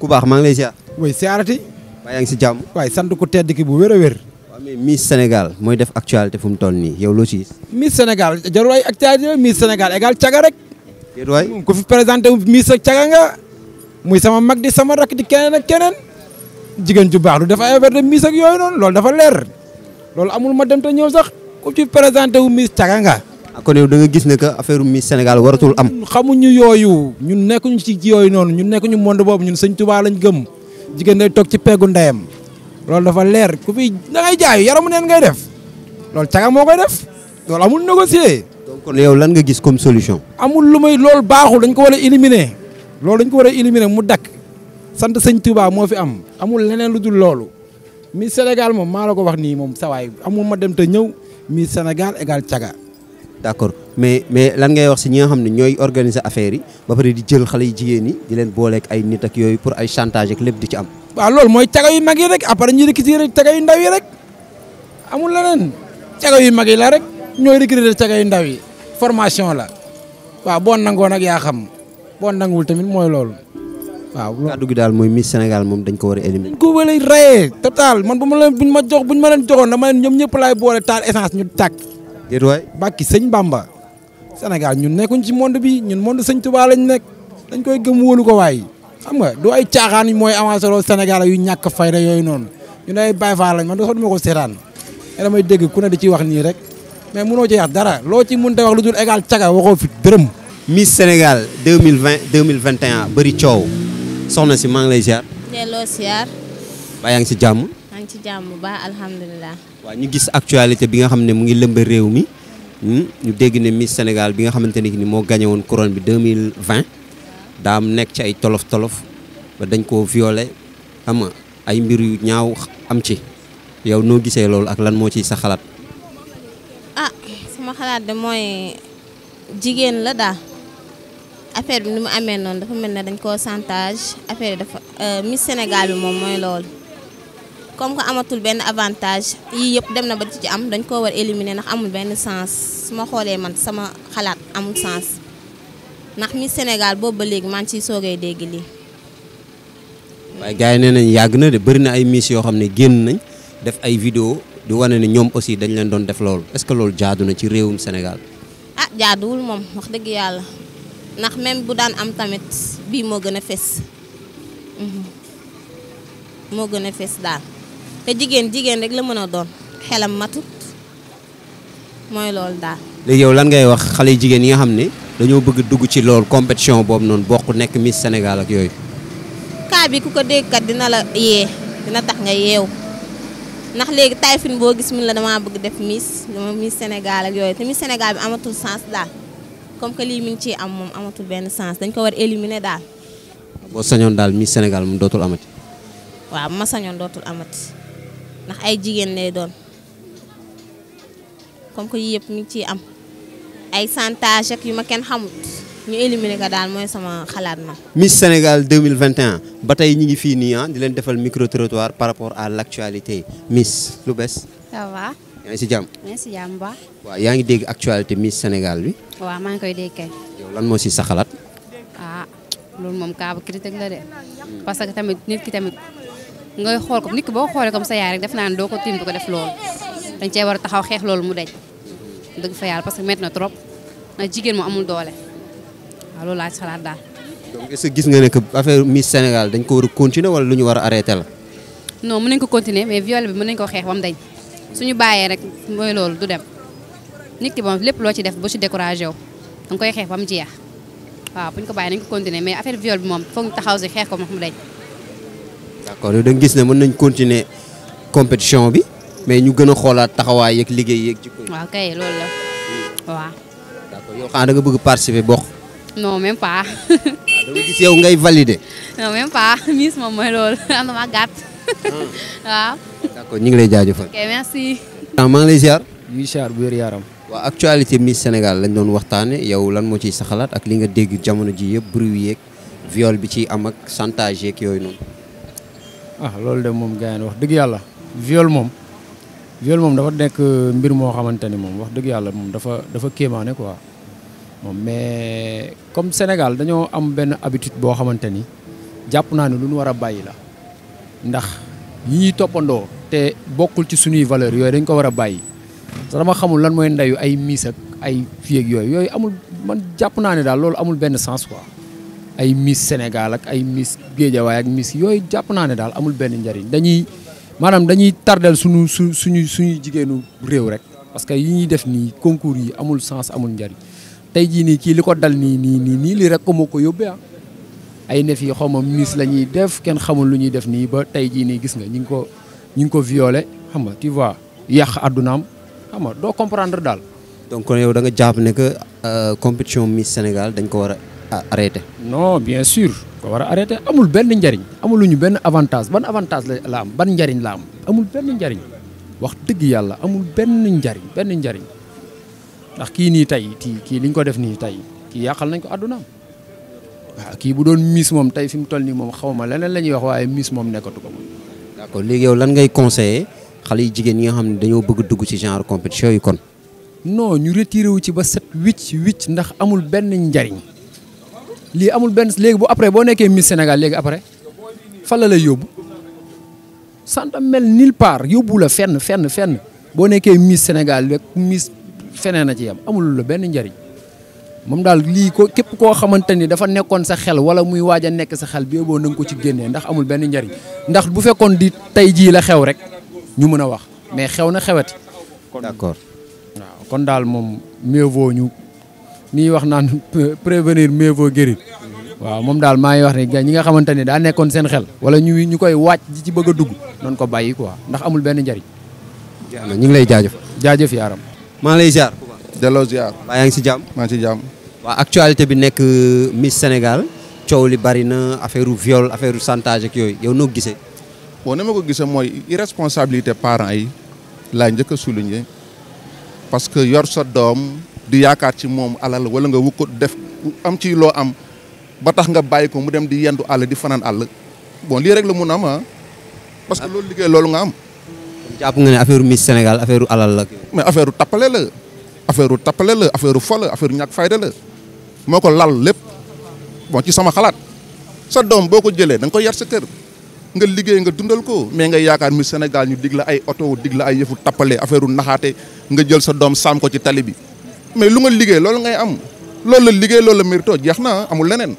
ku baax maa ngi lay ziar. oui siyaarati. ngi si jàmm. waay sant ko tedd ki bu wér a wér. waaw mais Miss Sénégal mooy def actualité fu mu toll nii yow loo ci gis. Miss Sénégal jarul ay actualité Miss Sénégal égal caga rek. ku fi présenté Miss ak caga nga. muy sama mag di sama rakk di keneen ak keneen. jigéen ju baax lu dafa ay affaire de Miss ak yooyu noonu loolu dafa leer. loolu amul ma dem te ñëw sax. ku ci présenté wu Miss caga nga. Ah, kon yow da nga gis ne que affaire Miss Sénégal waratul am. xamuñu yooyu ñun nekkuñu ci yooyu noonu ñun nekk ñu monde boobu ñun sëñ Tuubaa lañ gëm jigéen day toog ci peggu ndeyam loolu dafa leer ku fi da ngay jaay yaramu neen ngay def loolu caga moo koy def loolu amul négocier. donc kon yow lan nga gis comme solution. amul lu may loolu baaxul dañ ko war a loolu dañ ko war a éliminer mu dakk sant sëñ Tuubaa moo fi am amul leneen lu dul loolu Miss Sénégal moom maa la ko wax nii moom sawaay amul ma dem te ñëw. Miss Sénégal égal caga d' accord mais mais lan ngay wax si ñi nga xam ne ñooy organiser affaire yi ba pare di jël xale yi jigéen ñi di leen booleek ay nit yooyu pour ay chantage ak lépp di ci am. waa loolu mooy Thiaga yu mag yi rek après ñuy recruter rek Thiaga yu ndaw yi rek amul leneen Thiaga yu mag yi la rek ñooy recruter Thiaga yu ndaw yi formation la waaw boo nangoo nag yaa xam boo nanguwul tamit mooy loolu. waaw kàddu gi daal mooy Miss Senegal moom dañ ko war a éliminer dañ ko wala a total man bu ma leen buñ ma jox buñ ma leen joxoon dama leen ñoom ñëpp laay boole taal essence ñu tàkk déet waay bàkki sëñ Bamba Sénégal ñun nekkuñ ci monde bi ñun monde sëñ Touba lañ nekk dañ koy gëm wóolu ko waay xam nga du ay caaxaan mooy avancé loolu Sénégal yu ñàkk fayda yooyu noonu ñun ay Baye lañ man dafa ko seetaan te damay dégg ku ne di ci wax nii rek mais mënoo ci wax dara loo ci mën te wax lu dul égal caga waxoo fi dërëm Miss Senegal 2020 2021 bëri coow soxna si maa ngi lay ziar. delloo ziar. ba yaa ngi si jàmm. maa ngi ci jàmm ba baax alhamdulilah. waaw ñu gis actualité bi nga xam ne mu ngi lëmba réew mi hmm? ñu dégg ne Miss Sénégal bi nga xamante ni moo gagné woon couronne bi 2020 daa am nekk ci ay tolof tolof ba dañ koo violé xam nga ay mbir yu ñaaw am ci yow noo gisee loolu ak lan moo ci sa xalaat. ah sama xalaat de mooy jigéen la daal. affaire bi ni mu amee noonu dafa mel ne dañ koo chantage affaire dafa euh, Miss Sénégal bi moom mooy loolu comme que amatul benn avantage yii yëpp dem na ba di ci am dañ koo war éliminer ndax amul benn sens su ma xoolee man sama xalaat amul sens ndax Miss Sénégal boobu ba léegi maa ngi ciy soogay dégg lii. waaye gars yi nee nañ yàgg na de bari na ay miss yoo xam ne génn nañ def ay vidéo di wane ne ñoom aussi dañ leen doon def loolu est que loolu jaadu na ci réewum Sénégal. Ah, yàlla. ndax même bu daan am tamit bii moo gën a fes mhm. moo gën a fes daal te jigéen jigéen rek la mën a doon xelam matut mooy loolu daal. léegi yow lan ngay wax xale yu jigéen yi nga xam ne dañoo bëgg dugg ci loolu compétition boobu noonu bokk nekk Miss Sénégal ak yooyu. kaa bi ku ko dégg kat dina la yee dina tax nga yeew ndax léegi Taïfin boo gis mun la damaa bëgg def Miss dama Miss senegal ak yooyu te Miss Sénégal bi amatul sens daal. comme que lii mi ngi ciy am mom amatul ben sens dañ ko war éliminer dal bo sañon dal Miss Sénégal mu dotul amati. wa ma sañon dotul amati ndax ay jigen lay doon comme que yii mi ci am ay santage ak yuma ken kenn xamut ñu éliminer ka dal moy sama xalaat ma. Miss Sénégal 2021 batay ñi ngi fi ni ah di leen defal micro trottoir par rapport à l'actualité Miss lu bees. ça va. yaa ngi si jàmm. yaa ngi si jàmm bu baax. waaw yaa ngi dégg actualité Miss Sénégal koy dégg kay. moo si sa xalaat. ah loolu moom kaabu critique la de. parce que tamit nit ki tamit ngay xool ko boo xoolee comme sa yaay def naa ne doo ko tiim ko def loolu. dañ cee war a xeex loolu mu deñ dëgg fa yàlla parce que métti na trop ndax jigéen moom amul doole waaw loolu laa ci xalaat daal. donc est nga ne que affaire Miss Sénégal dañ ko war a continuer lu ñu war a la. non mën nañ ko continuer mais viol bi mën nañ ko xeex ba mu suñu bàyyee rek mooy loolu du dem nit ki lépp loo ci def bu ci découragé wu danga koy xeex ba mu jeex waaw bu ñu ko bàyyee nañ ko continuer mais affaire viol bi moom foog ñu taxaw si xeex ko moom mu dañ. d'accord da nga gis ne mën nañ continuer compétition bi mais ñu gën a xoolaat taxawaay yeeg liggéey yeeg jikko waaw kay loolu la waaw. d'accord yow xanaa da nga bëgg participer bokk. non même pas. Ah, dama gis yow ngay valider. non même pas Miss moom mooy loolu am na gàtt ah. waaw. kon ñu ngi lay jaajëfal. ok merci. Ah, maa ngi lay ziar. yuy bu wér yaram. waa actualité mi Sénégal lañ doon waxtaane yow lan moo ciy saxalaat ak li nga dégg jamono ji yëpp bruit yeeg viole bi ci am ak chantage yeeg yooyu noonu. ah loolu de moom gars wax dëgg yàlla. viole moom. viol moom dafa nekk euh, mbir moo xamante ni moom wax dëgg yàlla moom dafa dafa kéemaane quoi. moom mais comme Sénégal dañoo am benn habitude boo xamante ni jàpp naa ne lu ñu war a bàyyi la ndax. ñi topando te bokul ci suñuy valeur yoy dañ ko wara bayyi sama xamul lan moy ndayu ay miis ak ay fi ak yoy yoy amul man japp naa ne amul ben sens quoi ay miss sénégal ak ay miss way ak miss yoy japp naa dal amul ben ndariñ dañuy manam dañuy tardel suñu suñu suñu jigéenu réew rek parce que yi ñi def ni concours yi amul sens amul ndariñ tay ji ni ki liko dal ni ni ni li rek ko moko ay nef yi xaw ma miss la ñuy def kenn xamul lu ñuy def nii ba tey jii nii gis nga ñu ngi ko ñu ngi ko violé xam nga tu vois yàq addunaam xam nga doo comprendre daal. donc kon yow da nga jàpp ne que euh, compétition Miss Sénégal dañ ko war a arrêté. non bien sur ko war a arrêté amul benn njariñ amul benn avantage ban avantage la am ban njariñ la amul benn njariñ wax dëgg yàlla amul benn njariñ benn njariñ ndax kii nii tey kii kii liñ ko def nii tey kii yàqal nañ ko addunaam. waaw kii bu doon miis moom tey fi mu toll nii moom xaw ma leneen la ñuy wax waaye miis moom nekkatu ko moom. d'accord léegi yow lan ngay conseiller xale yi jigéen yi nga xam ne dañoo bëgg dugg ci genre compétition yi kon. non ñu retiré wu ci ba set wicc wicc ndax amul benn njariñ lii amul benn léegi bu après boo nekkee Miss Sénégal léegi après fan la lay yóbbu santa mel nulle part yóbbu la fenn fenn fenn boo nekkee Miss senegal rek Miss feneen a ci yam amul la benn njariñ moom daal lii ko képp koo xamante ni dafa nekkoon sa xel wala muy waaj a nekk sa xel bi boo na ko ci génnee ndax amul benn njariñ ndax bu fekkoon di tey jii la xew rek ñu mën a wax mais xew na xewet d'accord waaw kon daal moom mieux vaut ñu nii wax naan prévenir mieux vaut waaw moom daal maa ngi wax ne ñi nga xamante ne daa nekkoon seen xel wala ñu ñu koy waaj di ci bëgg a dugg noonu ko bàyyi quoi ndax amul benn njariñ ñu ngi lay jaajëf jaajëf aram maa lay ziar delloo ziar yaa ngi si jàmm maa ngi si jàmm wa actualité bi Senegal Miss Sénégal coow li bari na affaireu viol affaireu chantage ak yoy yow no gissé bo ni ko gissé moy irresponsabilité parents yi la ñëk souligner parce que yor sa dom di yaakaar ci mom alal wala nga def am ci lo am ba tax nga bayiko mu dem di yendu àll di fanan àll bon li rek la mu am ah. parce que lolou liggéey lolou nga am. japp nga ne affaireu Miss Sénégal affaireu alal la. mais affaireu tapalé la affaireu tapalé la affaireu fo la fayda la. moo ko lal lépp bon ci sama xalaat sa doom boo ko jëlee da nga ko yar sa kër nga liggéey nga dundal ko mais ngay yaakaar mi Sénégal ñu dig la ay oto dig la ay yëfu tappale affaire naxaate nga jël sa doom saam ko ci tali bi mais lu nga liggéey loolu ngay am loolu la liggéey loolu la mérito jeex na amul leneen.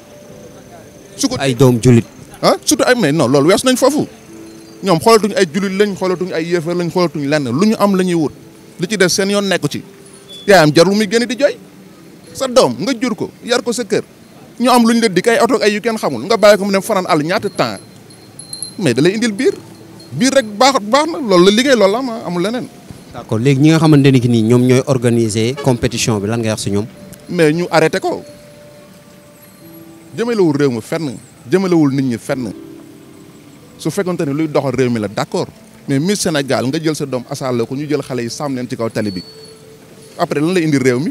su ko ay doom julit ah surtout ay mais non loolu wees nañ foofu ñoom xoolatuñ ay julit lañ xoolatuñ ay yéefar lañ xoolatuñ lenn lu ñu am la ñuy wut li ci def seen yoon nekku ci yaayam jarul muy génn di jooy. sa doom nga jur ko yar ko sa kër ñu am lu ñu la dikk ay oto ay yu kenn xamul nga bàyyi ko mu dem fanaan àll ñaata temps mais da lay indil biir biir rek baax baax na loolu la liggéey loolu la ma amul leneen. d'accord léegi ñi nga xamante ne nii ñoom ñooy organiser compétition bi lan nga wax si ñoom. mais ñu arrêté ko jëmalewul réew mi fenn jëmalewul nit ñi fenn su fekkonte ne luy doxal réew mi la d'accord mais Miss Sénégal nga jël sa doom asaale ko ñu jël xale yi sàmm leen ci kaw tali bi après lan lay indi réew mi.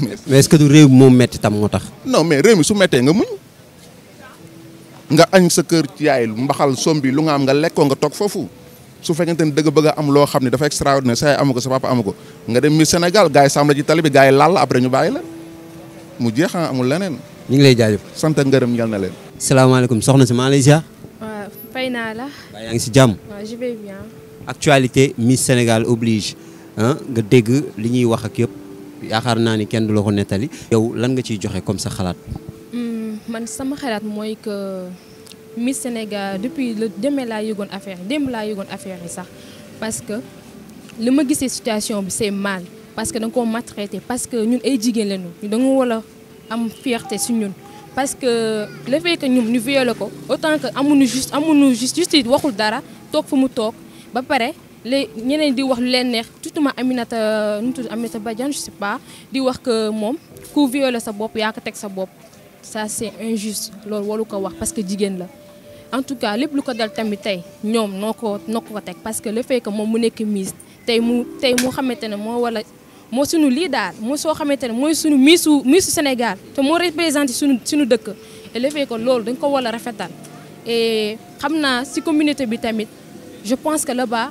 mais est-ce que du rew mo metti tam motax non mais rew mi su metté nga muñ nga agn sa kër ci yaay mbaxal sombi lu nga am nga lekko nga tok fofu su fekkente ne dëgg bëgg am lo xamni dafa extraordinaire say yaay amu sa papa amu ko nga dem mi Sénégal gaay yi sàmm la ci tali bi gars après ñu bayila mu jeex ah, amul lenen ñi ngi lay sante ñal na assalamu alaykum soxna si malaysia wa fayna la. ba yaangi ci si wa je vais bien. actualité Miss Sénégal oblige hein ah, nga dégg li ñi wax ak yépp yaakaar naa ni kenn du la ko nettali. yow lan nga ciy joxe comme sa xalaat. Hmm, man sama xalaat mooy que Miss Sénégal depuis le demee laa yëgoon affaire démb laa yëgoon affaire yi sax parce que li ma gisee situation bi c'est mal parce que da nga koo maltraité parce que ñun ay jigéen lañu ñu danga war a am fierté si ñun. parce que le fait que ñoom ñu violé ko autant que amuñu juste amuñu juste justice waxul dara toog fu mu toog ba pare les ñeneen di wax lu leen neex tutuma Aminata nu tudd Aminata Badiane je sais pas di wax que moom ku violé sa bopp yaa ko teg sa bopp ça c'est injuste loolu waru ko wax parce que jigéen la en tout cas lépp lu ko dal tamit tey ñoom noo ko noo ko teg parce que le fait que moom mu nekk mise tey mu tey moo xamante ne moo wala moo sunu lii daal moo soo xamante ne mooy sunu miisu miisu Sénégal te moo représenté sunu sunu dëkk et le fait que loolu dañ ko war a rafetal et xam naa si communauté bi tamit je pense que là-bas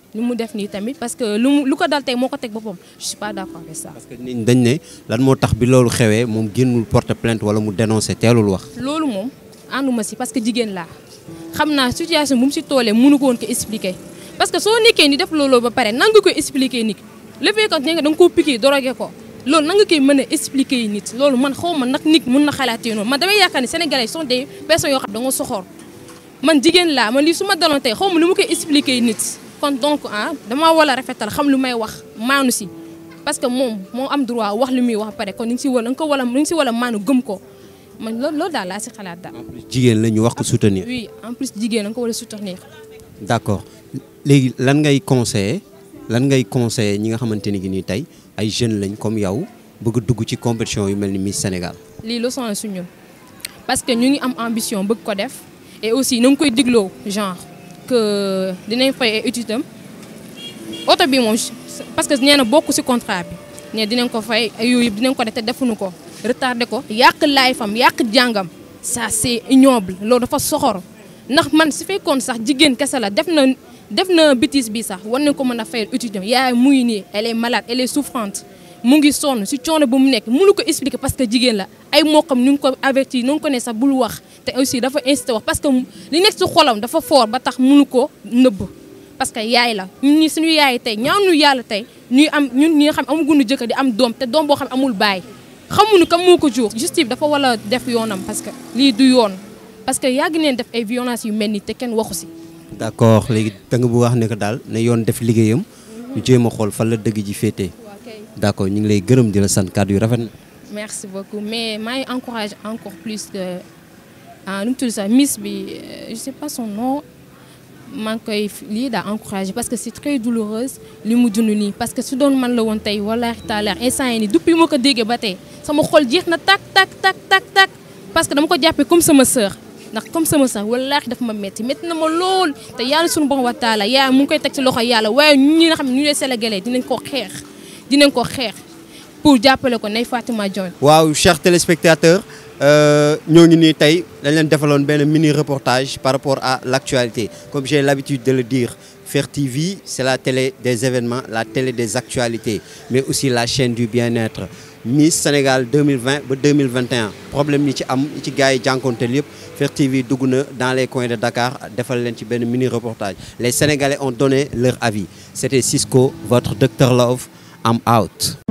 lu mu def nii tamit parce que lu ko dal tay moko tek bopom je suis pas d'accord avec ça. parce que niñ dañ né lan mo tax bi loolu xewé mom génnul porte plainte wala mu dénoncé teelul wax. loolu mom anduma si parce que jigen la xamna situation bu mu si toolee mënu ko woon ko expliquer parce que so nekkee ni def looloo ba paré nan ko expliquer nit le fait que da nga ko piquer dorogé ko loolu nan nga koy mën a expliquer nit loolu man xawma nak nag nit mun na xalaatee noonu man damay yakani sénégalais sont des personnes yo xam da nga soxor man jigen la man li suma ma tay xawma xaw ma nu ma koy expliquer nit kon donc ah dama wala rafetal xam lu may wax maanu si parce que mom mo am droit wax lu muy wax pare kon ni ci wala war ko wala ni ci wala manu a gëm ko man loolu loolu daal laa si xalaat daal. en plus jigéen la ñu wax ko soutenir. oui en plus jigen la nga ko soutenir. d'accord légui lan ngay conseiller lan ngay conseiller ñi nga xamante ni tay ay jeunes lañ comme yow bëgg dugg ci compétition yu melni ni Miss Sénégal. li lo son suñu parce que ñu ngi am ambition bëgg ko def et aussi nang koy diglo genre que fay bi parce que nee na bokk ci contrat bi ne dinañ ko fay yooyu dinañ ko retardé ko ça c'est ignoble loolu dafa soxor ndax man si fekkoon sax jigéen kese la def na def bêtise bi sax ko étudiant yaay elle est malade elle est souffrante mu ngi sonn si coono bu mu nekk mënu ko expliquer parce que jigéen la ay mbokkam ñu ko averti ñu ngi ko ne sax wax te aussi dafa incité wax parce que li nekk si xolam dafa fort ba tax mënu ko parce que yaay la ñun ñi suñu yaay tey ñaanu yàlla tey ñuy am ñun ñi nga xam amagunu jëkkër di am dom, te doom boo xam amul bay. xamuñu kam moo ko jur justice dafa war def yonam, parce que li du yon. parce que yàgg neen def ay violence yu mel te ken waxu d'accord Les tënk bu wax ne ko daal ne yoon def liggéeyam ñu jéem a xool la dëgg ji D'accord, nous les merci beaucoup mais encourage encore plus de nous tous je sais pas son nom parce que c'est très douloureuse parce que su doon man depuis parce que dama ko suis comme ma sœur comme sama ma je suis ma je suis dinañ ko pour ko Fatima waaw chers téléspectateurs nous ngi ni un mini reportage par rapport à l'actualité. comme j'ai l'habitude de le dire Fer TV c'est la télé des événements la télé des actualités mais aussi la chaîne du bien-être Miss Sénégal 2020 2021 problème yi ci am TV dans les coins de Dakar Nous leen mini reportage les Sénégalais ont donné leur avis c'était Cisco votre docteur Love I'm out.